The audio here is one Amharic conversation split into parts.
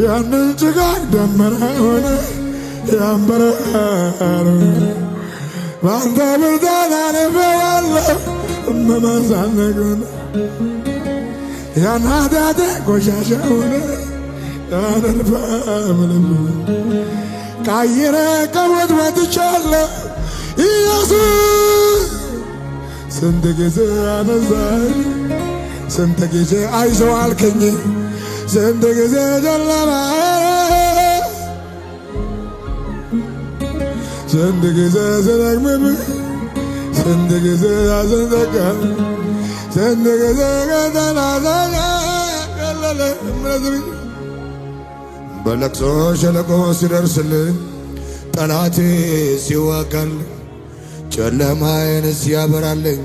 ያንን ጭጋግ ደመና ሆነ ያንበረር ባንተ ብርታት አልፌያለሁ መመሳነጉን ያን ኃጢአቴ ቆሻሻ ያንልፈምልም ቀይረ ከሞት ወጥቻለሁ ኢየሱስ ስንት ጊዜ አነዛኝ ስንት ጊዜ አይዞህ አልከኝ ስንት ጊዜ ጨለማ ስንት ጊዜ ስደክምም ስንት ጊዜ ስንጠቀ ስንት ጊዜ ቀጠናዛኛ በለቅሶ ሸለቆ ሲደርስልኝ ጠላቴ ሲዋጋል ጨለማዬን ሲያበራልኝ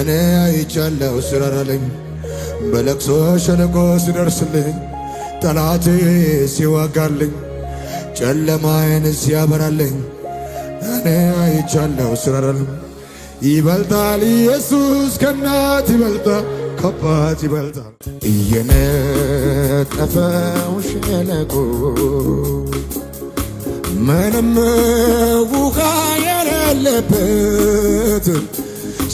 እኔ አይቻለሁ ስራራለኝ በለቅሶ ሸለቆ ሲደርስልኝ ጠላቴ ሲዋጋልኝ ጨለማዬን ሲያበራልኝ እኔ አይቻለሁ ስራራል ይበልጣል ኢየሱስ ከእናት ይበልጣል ከአባት ይበልጣል እየነጠፈው ሸለቆ ምንም ውሃ የሌለበት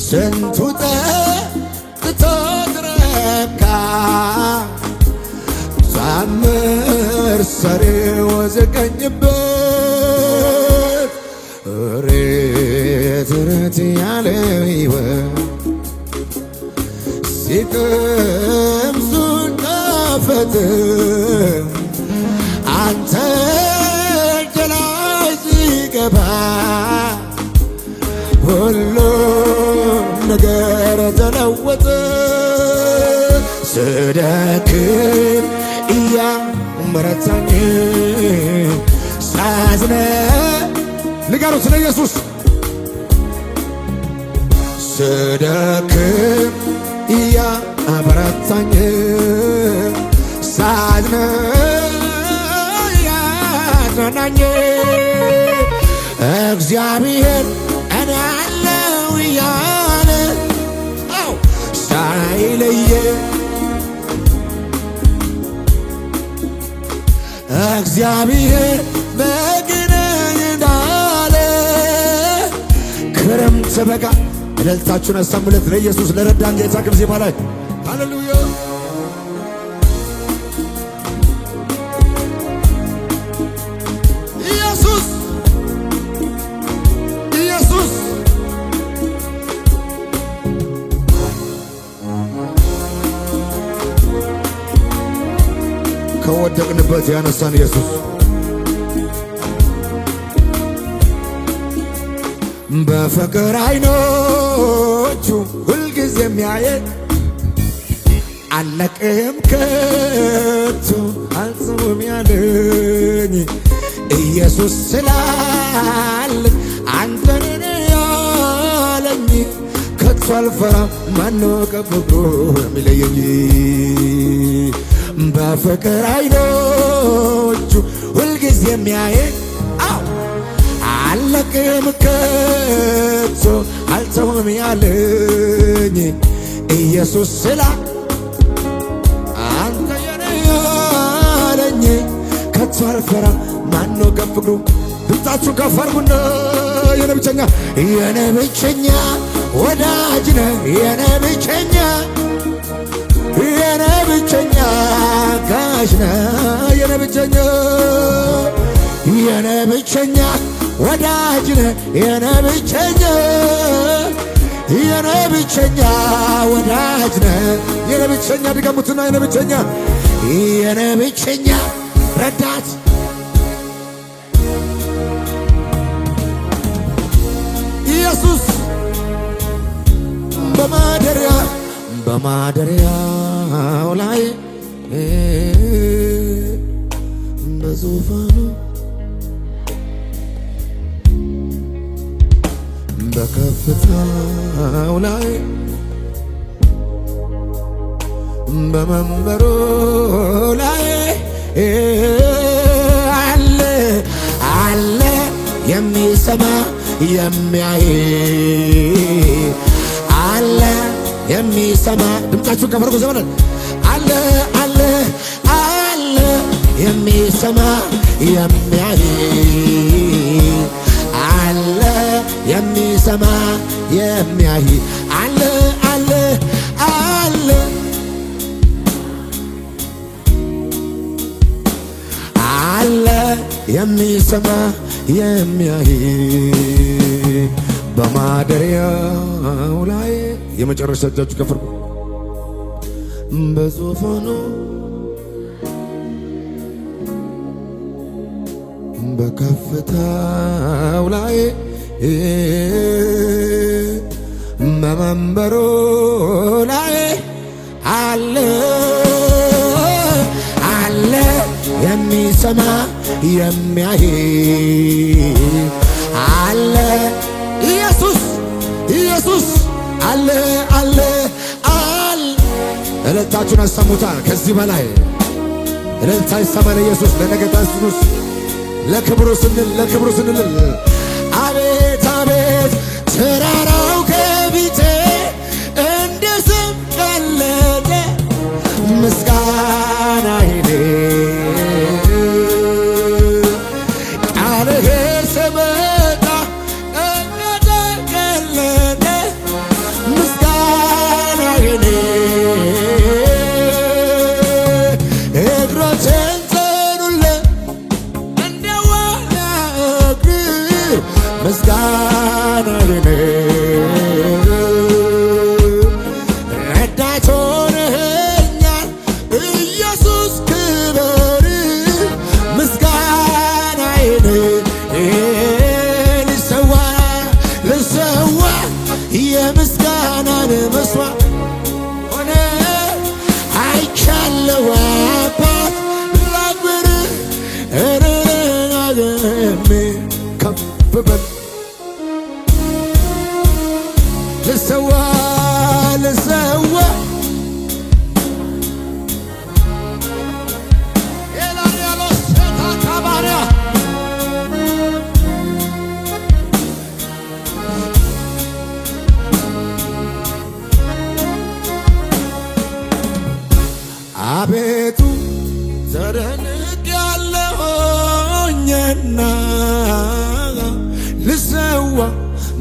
ስንቱ ጠጥታ ተተካ ዛምር ሰሬው ዘቀኝበት እሬት እረት ያለ ይወ ሲቅም ከፈት አንተ ገላይ ሲገባ ሁሉም ነገር ስደክም እያመረታኝ ሳዝነ ንገሩ ስለ ኢየሱስ ስደክም እያበረታኝ ሳዝነ ያዝናናኝ እግዚአብሔር እኔ አለው እያ እግዚአብሔር በግነኝ እንዳለ ክረምት በጋ እልልታችሁን አሰሙለት ለኢየሱስ ለረዳን ጌታ ክብር ይባላል። ሃሌሉያ ከሞትበት ያነሳን ኢየሱስ በፍቅር አይኖቹ ሁልጊዜ የሚያየን አለቅም ከቶ አልጽሙም ያለኝ ኢየሱስ ስላለ አንተን ያለኝ ከቶ አልፈራም ማነው ከብብሮ የሚለየኝ በፍቅር አይኖ በዐይኖቹ ሁልጊዜ የሚያየ አው አለቅም ከቶ አልተውም ያለኝ ኢየሱስ ስላ አንተ የኔ አለኝ ከቶ አልፈራ ማኖ ገፍግሩ ድምጣችሁ ከፍ አድርጉና የኔ ብቸኛ የኔ ብቸኛ ወዳጅ ነህ የኔ ብቸኛ የኔ ብቸኛ ወዳጅ ነ የነ ብቸኛ የነ ብቸኛ ወዳጅ ነ የነ ብቸኛ የነ ብቸኛ ወዳጅ ነ የነ ብቸኛ ድገሙትና የነ ብቸኛ የነ ብቸኛ ረዳት ኢየሱስ በማደሪያ በማደሪያው ላይ ዙፋኑ በከፍታው ላይ በመንበሩ ላይ አለ አለ የሚሰማ የሚያይ አለ የሚሰማ ድምጣችሁ ከበርጎ ዘመን አለ የሚሰማ የሚያይ አለ የሚሰማ የሚያይ አለ አለ አለ አለ የሚሰማ የሚያይ በማደሪያው ላይ የመጨረሻ እጃችሁ ከፍር በጽሁፍ በከፍታው ላይ በመንበሩ ላይ አለ አለ የሚሰማ የሚያይ አለ ኢየሱስ ኢየሱስ አለ አለ አለ እልልታችሁን አሰሙታ ከዚህ በላይ እልልታ ይሰማል ኢየሱስ ለክብሩ ስንል ለክብሩ ስንል አቤት አቤት ተራራ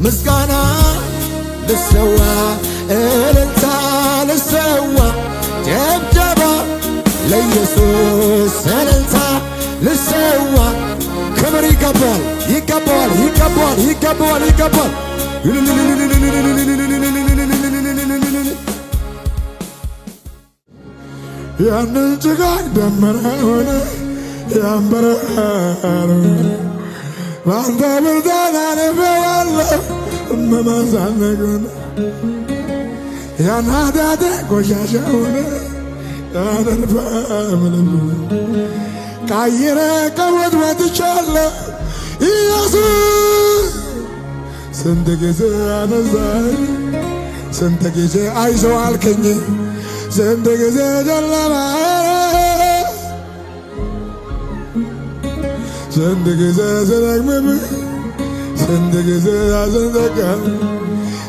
ምስጋና ልሰዋ እልልታ ልሰዋ ደብደባ ለኢየሱስ እልልታ ልሰዋ ክብር ይገባዋል ይገባዋል ይገባዋል ይገባዋል ይገባዋል ያንን ጭጋግ ደመና ሆነ ያንበረር በአንተ ብርዳና ንፌ መመዛነግ ሆነ ያናዳደ ቆሻሻ ሆነ ያደርፈ ምንም ካየረ ከሞት ወጥቻለሁ ኢየሱስ ስንት ጊዜ አነዛኝ ስንት ጊዜ አይዞህ አልከኝ ስንት ጊዜ ጨለማ ስንት ጊዜ ስደግምብህ ስንት ጊዜ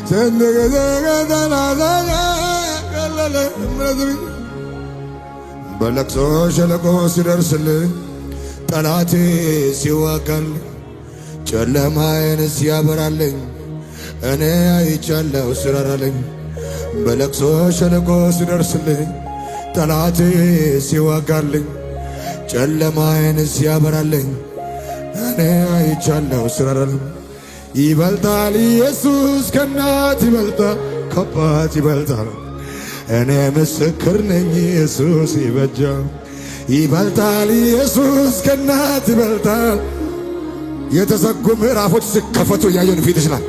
ስንት ጊዜ በለቅሶ ሸለቆ ሲደርስልኝ ጠላቴ ሲዋጋል ጨለማዬን ሲያበራልኝ እኔ አይቻለሁ ስራራለኝ በለቅሶ ሸለቆ ሲደርስልኝ ጠላቴ ሲዋጋልኝ ጨለማዬን ሲያበራልኝ እኔ አይቻለሁ ስራራለኝ ይበልጣል ኢየሱስ ከእናት ይበልጣል ከባት ይበልጣል። እኔ ምስክር ነኝ ኢየሱስ ይበጃ ይበልጣል ኢየሱስ ከናት ይበልጣል። የተዘጉ ምዕራፎች ሲከፈቱ እያየን ፊት ይችላል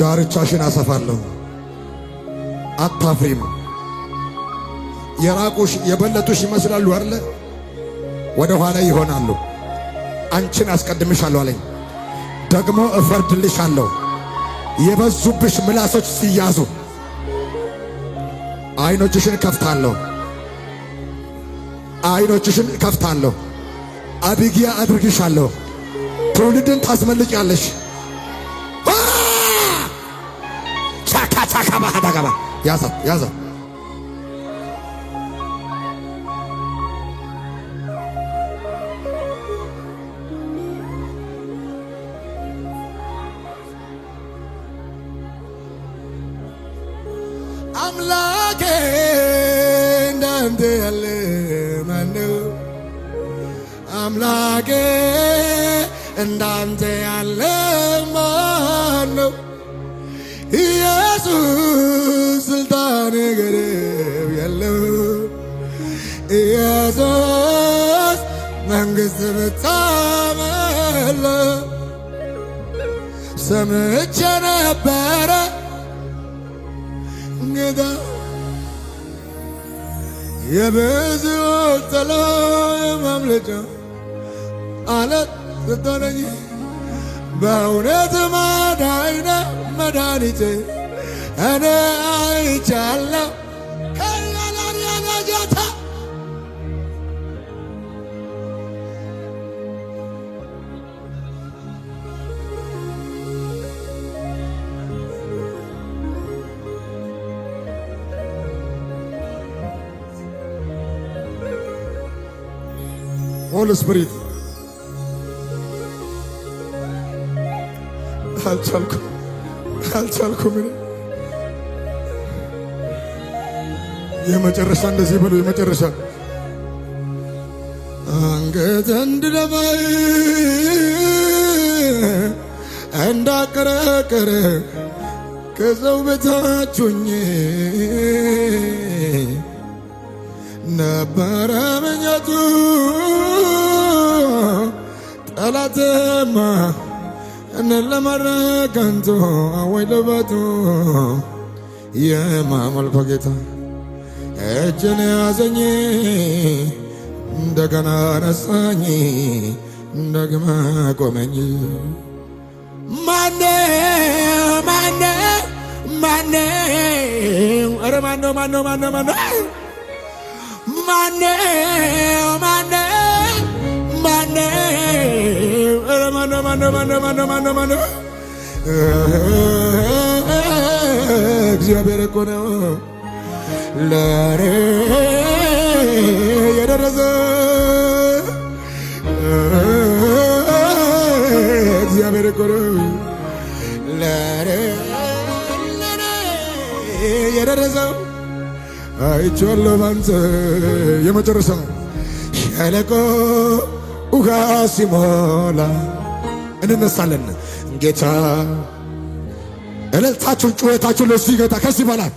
ዳርቻሽን አሰፋለሁ። አታፍሪም። የራቁሽ የበለጡሽ ይመስላሉ አይደለ? ወደ ኋላ ይሆናሉ። አንቺን አስቀድምሻለሁ አለኝ። ደግሞ እፈርድልሻለሁ። የበዙብሽ ምላሶች ሲያዙ አይኖችሽን ከፍታለሁ። አይኖችሽን ከፍታለሁ። አቢግያ አድርግሻለሁ። ትውልድን ታስመልጫለሽ። gaba gaba. Yes, sir. Yes, sir. I'm lagging down there, man. I'm and lagging down there, man. ስልጣን ገደብ የለው ኢየሱስ መንግሥት ብታመለ ሰምቼ ነበረ ጌታ የብዙዎች ጥላ ማምለጫ አለት ስታነኝ በእውነት መዳይነ መድኃኒቴ እኔ አይቻለሁ ከላላሪያናጀታ ሆል ስፕሪት አልቻልኩም አልቻልኩም። የመጨረሻ እንደዚህ ብሎ የመጨረሻ አንገት እንድደፋ እንዳቀረቀረ ከሰው በታች ሆኜ ነበረ መኛቱ ጠላትማ እንን አወይ ልበቱ የማመልኮ ጌታ እጅን ያዘኝ እንደገና ነሳኝ እንደግመ ቆመኝ። ማነ ማነ ማነ ኧረ ማነው ማነው ማነው ማነው ማነው ማነው ማነው ኧረ ማነው ማነው ማነው ማነው ማነው ማነው እግዚአብሔር እኮ ነው። ለሬ የደረሰ እግዚአብሔር እኮ ለሬ የደረሰው አይቼዋለሁ ባንተ የመጨረሻው ሸለቆ ውሃ ሲሞላ እንነሳለን ጌታ እልልታችሁን ጩኸታችሁን ለሱ ይገታ ከስ ይበላል